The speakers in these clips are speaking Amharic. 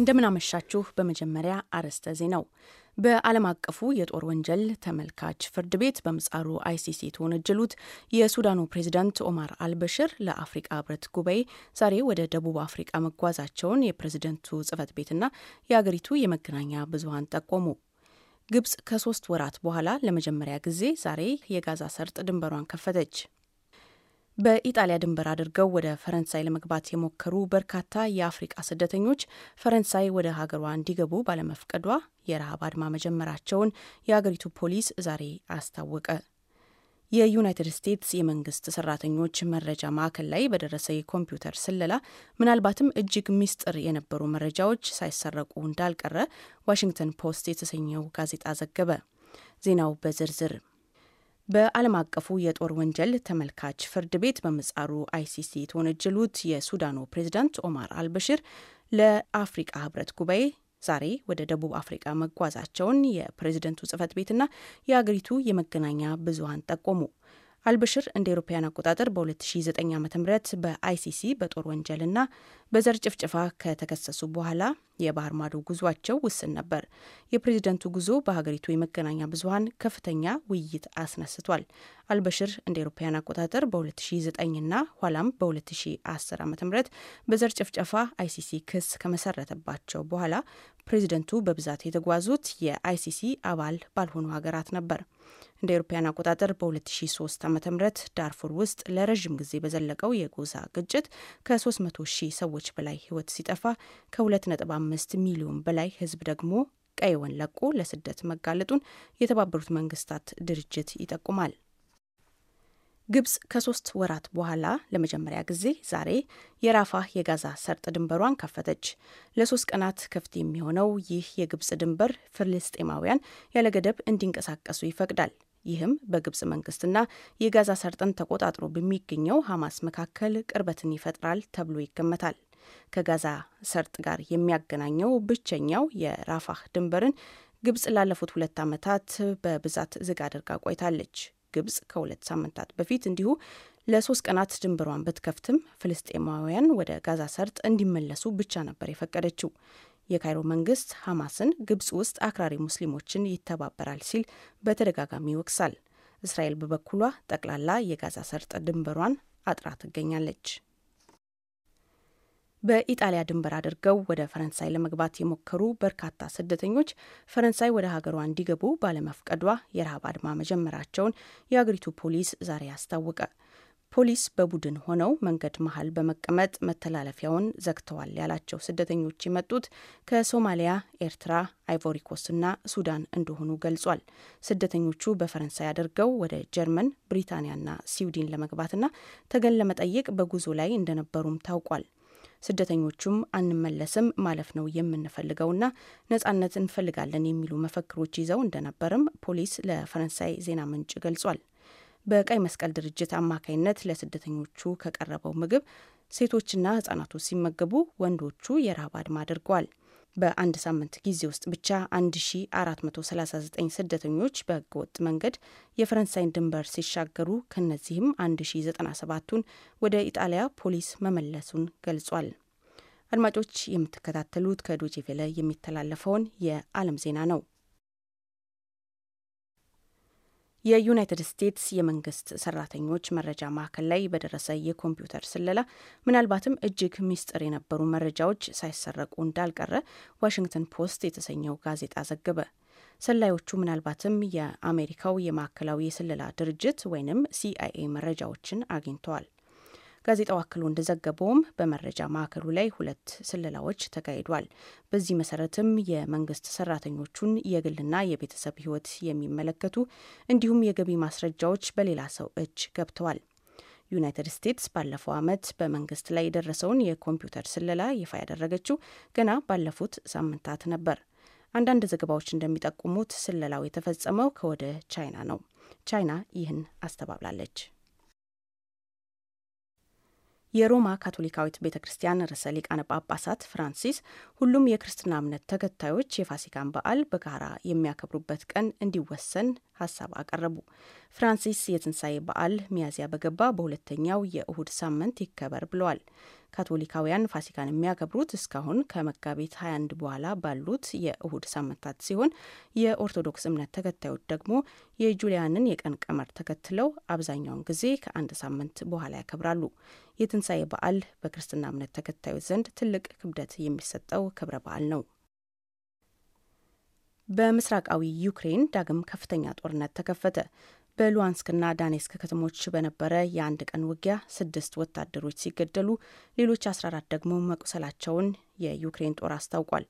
እንደምናመሻችሁ በመጀመሪያ አርዕስተ ዜናው በዓለም አቀፉ የጦር ወንጀል ተመልካች ፍርድ ቤት በምጻሩ አይሲሲ የተወነጀሉት የሱዳኑ ፕሬዝዳንት ኦማር አልበሽር ለአፍሪቃ ህብረት ጉባኤ ዛሬ ወደ ደቡብ አፍሪቃ መጓዛቸውን የፕሬዝደንቱ ጽህፈት ቤትና የአገሪቱ የመገናኛ ብዙሀን ጠቆሙ። ግብጽ ከሶስት ወራት በኋላ ለመጀመሪያ ጊዜ ዛሬ የጋዛ ሰርጥ ድንበሯን ከፈተች። በኢጣሊያ ድንበር አድርገው ወደ ፈረንሳይ ለመግባት የሞከሩ በርካታ የአፍሪቃ ስደተኞች ፈረንሳይ ወደ ሀገሯ እንዲገቡ ባለመፍቀዷ የረሃብ አድማ መጀመራቸውን የአገሪቱ ፖሊስ ዛሬ አስታወቀ። የዩናይትድ ስቴትስ የመንግስት ሰራተኞች መረጃ ማዕከል ላይ በደረሰ የኮምፒውተር ስለላ ምናልባትም እጅግ ሚስጥር የነበሩ መረጃዎች ሳይሰረቁ እንዳልቀረ ዋሽንግተን ፖስት የተሰኘው ጋዜጣ ዘገበ። ዜናው በዝርዝር በዓለም አቀፉ የጦር ወንጀል ተመልካች ፍርድ ቤት በምጻሩ አይሲሲ የተወነጀሉት የሱዳኑ ፕሬዝዳንት ኦማር አልበሽር ለአፍሪቃ ህብረት ጉባኤ ዛሬ ወደ ደቡብ አፍሪቃ መጓዛቸውን የፕሬዝደንቱ ጽህፈት ቤትና የአገሪቱ የመገናኛ ብዙሀን ጠቆሙ። አልበሽር እንደ ኤሮፓያን አቆጣጠር በ2009 ዓ ም በአይሲሲ በጦር ወንጀልና በዘር ጭፍጭፋ ከተከሰሱ በኋላ የባህር ማዶ ጉዟቸው ውስን ነበር። የፕሬዝደንቱ ጉዞ በሀገሪቱ የመገናኛ ብዙሀን ከፍተኛ ውይይት አስነስቷል። አልበሽር እንደ ኤሮፓያን አቆጣጠር በ2009ና ኋላም በ2010 ዓ ም በዘር ጭፍጨፋ አይሲሲ ክስ ከመሰረተባቸው በኋላ ፕሬዚደንቱ በብዛት የተጓዙት የአይሲሲ አባል ባልሆኑ ሀገራት ነበር። እንደ ኤሮፓያን አቆጣጠር በ2003 ዓ.ም ዳርፉር ውስጥ ለረዥም ጊዜ በዘለቀው የጎሳ ግጭት ከ300 ሺህ ሰዎች በላይ ህይወት ሲጠፋ ከ2.5 ሚሊዮን በላይ ህዝብ ደግሞ ቀየውን ለቆ ለስደት መጋለጡን የተባበሩት መንግስታት ድርጅት ይጠቁማል። ግብጽ ከሶስት ወራት በኋላ ለመጀመሪያ ጊዜ ዛሬ የራፋህ የጋዛ ሰርጥ ድንበሯን ከፈተች። ለሶስት ቀናት ክፍት የሚሆነው ይህ የግብጽ ድንበር ፍልስጤማውያን ያለ ገደብ እንዲንቀሳቀሱ ይፈቅዳል። ይህም በግብጽ መንግስትና የጋዛ ሰርጥን ተቆጣጥሮ በሚገኘው ሐማስ መካከል ቅርበትን ይፈጥራል ተብሎ ይገመታል። ከጋዛ ሰርጥ ጋር የሚያገናኘው ብቸኛው የራፋህ ድንበርን ግብጽ ላለፉት ሁለት ዓመታት በብዛት ዝግ አድርጋ ቆይታለች። ግብጽ ከሁለት ሳምንታት በፊት እንዲሁ ለሶስት ቀናት ድንበሯን ብትከፍትም ፍልስጤማውያን ወደ ጋዛ ሰርጥ እንዲመለሱ ብቻ ነበር የፈቀደችው። የካይሮ መንግስት ሐማስን ግብጽ ውስጥ አክራሪ ሙስሊሞችን ይተባበራል ሲል በተደጋጋሚ ይወቅሳል። እስራኤል በበኩሏ ጠቅላላ የጋዛ ሰርጥ ድንበሯን አጥራ ትገኛለች። በኢጣሊያ ድንበር አድርገው ወደ ፈረንሳይ ለመግባት የሞከሩ በርካታ ስደተኞች ፈረንሳይ ወደ ሀገሯ እንዲገቡ ባለመፍቀዷ የረሃብ አድማ መጀመራቸውን የአገሪቱ ፖሊስ ዛሬ አስታወቀ። ፖሊስ በቡድን ሆነው መንገድ መሀል በመቀመጥ መተላለፊያውን ዘግተዋል ያላቸው ስደተኞች የመጡት ከሶማሊያ፣ ኤርትራ፣ አይቮሪኮስና ሱዳን እንደሆኑ ገልጿል። ስደተኞቹ በፈረንሳይ አድርገው ወደ ጀርመን፣ ብሪታንያና ስዊድን ለመግባትና ተገን ለመጠየቅ በጉዞ ላይ እንደነበሩም ታውቋል። ስደተኞቹም አንመለስም ማለፍ ነው የምንፈልገውና ነጻነት እንፈልጋለን የሚሉ መፈክሮች ይዘው እንደነበርም ፖሊስ ለፈረንሳይ ዜና ምንጭ ገልጿል። በቀይ መስቀል ድርጅት አማካይነት ለስደተኞቹ ከቀረበው ምግብ ሴቶችና ህጻናቶች ሲመገቡ፣ ወንዶቹ የረሃብ አድማ አድርገዋል። በአንድ ሳምንት ጊዜ ውስጥ ብቻ 1439 ስደተኞች በህገወጥ መንገድ የፈረንሳይን ድንበር ሲሻገሩ ከነዚህም 1097ቱን ወደ ኢጣሊያ ፖሊስ መመለሱን ገልጿል። አድማጮች የምትከታተሉት ከዶቼ ቬለ የሚተላለፈውን የዓለም ዜና ነው። የዩናይትድ ስቴትስ የመንግስት ሰራተኞች መረጃ ማዕከል ላይ በደረሰ የኮምፒውተር ስለላ ምናልባትም እጅግ ሚስጥር የነበሩ መረጃዎች ሳይሰረቁ እንዳልቀረ ዋሽንግተን ፖስት የተሰኘው ጋዜጣ ዘገበ። ሰላዮቹ ምናልባትም የአሜሪካው የማዕከላዊ የስለላ ድርጅት ወይንም ሲአይኤ መረጃዎችን አግኝተዋል። ጋዜጣው አክሎ እንደዘገበውም በመረጃ ማዕከሉ ላይ ሁለት ስለላዎች ተካሂዷል። በዚህ መሰረትም የመንግስት ሰራተኞቹን የግልና የቤተሰብ ህይወት የሚመለከቱ እንዲሁም የገቢ ማስረጃዎች በሌላ ሰው እጅ ገብተዋል። ዩናይትድ ስቴትስ ባለፈው ዓመት በመንግስት ላይ የደረሰውን የኮምፒውተር ስለላ ይፋ ያደረገችው ገና ባለፉት ሳምንታት ነበር። አንዳንድ ዘገባዎች እንደሚጠቁሙት ስለላው የተፈጸመው ከወደ ቻይና ነው። ቻይና ይህን አስተባብላለች። የሮማ ካቶሊካዊት ቤተ ክርስቲያን ርዕሰ ሊቃነ ጳጳሳት ፍራንሲስ ሁሉም የክርስትና እምነት ተከታዮች የፋሲካን በዓል በጋራ የሚያከብሩበት ቀን እንዲወሰን ሀሳብ አቀረቡ። ፍራንሲስ የትንሣኤ በዓል ሚያዝያ በገባ በሁለተኛው የእሁድ ሳምንት ይከበር ብለዋል። ካቶሊካውያን ፋሲካን የሚያከብሩት እስካሁን ከመጋቢት 21 በኋላ ባሉት የእሁድ ሳምንታት ሲሆን የኦርቶዶክስ እምነት ተከታዮች ደግሞ የጁሊያንን የቀን ቀመር ተከትለው አብዛኛውን ጊዜ ከአንድ ሳምንት በኋላ ያከብራሉ። የትንሣኤ በዓል በክርስትና እምነት ተከታዮች ዘንድ ትልቅ ክብደት የሚሰጠው ክብረ በዓል ነው። በምስራቃዊ ዩክሬን ዳግም ከፍተኛ ጦርነት ተከፈተ። በሉዋንስክና ዳኔስክ ከተሞች በነበረ የአንድ ቀን ውጊያ ስድስት ወታደሮች ሲገደሉ ሌሎች 14 ደግሞ መቁሰላቸውን የዩክሬን ጦር አስታውቋል።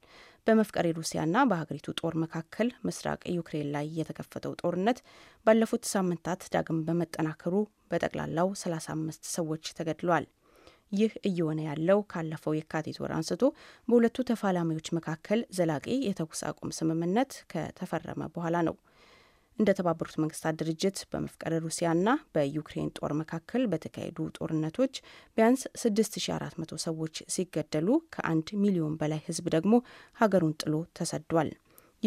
በመፍቀሬ ሩሲያና በሀገሪቱ ጦር መካከል ምስራቅ ዩክሬን ላይ የተከፈተው ጦርነት ባለፉት ሳምንታት ዳግም በመጠናከሩ በጠቅላላው 35 ሰዎች ተገድለዋል። ይህ እየሆነ ያለው ካለፈው የካቲት ወር አንስቶ በሁለቱ ተፋላሚዎች መካከል ዘላቂ የተኩስ አቁም ስምምነት ከተፈረመ በኋላ ነው። እንደተባበሩት መንግስታት ድርጅት በመፍቀረ ሩሲያና በዩክሬን ጦር መካከል በተካሄዱ ጦርነቶች ቢያንስ 6400 ሰዎች ሲገደሉ ከአንድ ሚሊዮን በላይ ህዝብ ደግሞ ሀገሩን ጥሎ ተሰዷል።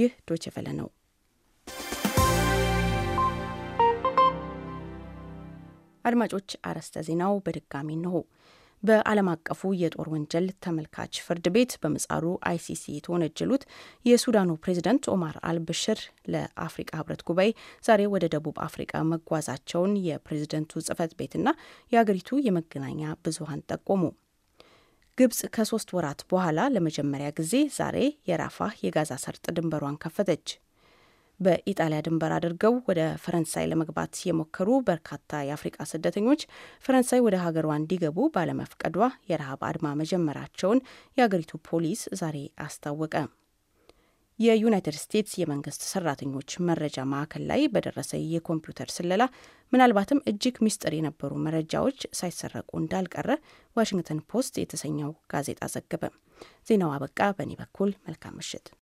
ይህ ዶችቨለ ነው። አድማጮች፣ አርዕስተ ዜናው በድጋሚ ነው። በዓለም አቀፉ የጦር ወንጀል ተመልካች ፍርድ ቤት በምጻሩ አይሲሲ የተወነጀሉት የሱዳኑ ፕሬዚደንት ኦማር አልብሽር ለአፍሪቃ ህብረት ጉባኤ ዛሬ ወደ ደቡብ አፍሪቃ መጓዛቸውን የፕሬዝደንቱ ጽህፈት ቤትና የአገሪቱ የመገናኛ ብዙሀን ጠቆሙ። ግብጽ ከሶስት ወራት በኋላ ለመጀመሪያ ጊዜ ዛሬ የራፋህ የጋዛ ሰርጥ ድንበሯን ከፈተች። በኢጣሊያ ድንበር አድርገው ወደ ፈረንሳይ ለመግባት የሞከሩ በርካታ የአፍሪቃ ስደተኞች ፈረንሳይ ወደ ሀገሯ እንዲገቡ ባለመፍቀዷ የረሃብ አድማ መጀመራቸውን የአገሪቱ ፖሊስ ዛሬ አስታወቀ። የዩናይትድ ስቴትስ የመንግስት ሰራተኞች መረጃ ማዕከል ላይ በደረሰ የኮምፒውተር ስለላ ምናልባትም እጅግ ሚስጥር የነበሩ መረጃዎች ሳይሰረቁ እንዳልቀረ ዋሽንግተን ፖስት የተሰኘው ጋዜጣ ዘገበ። ዜናው አበቃ። በእኔ በኩል መልካም ምሽት።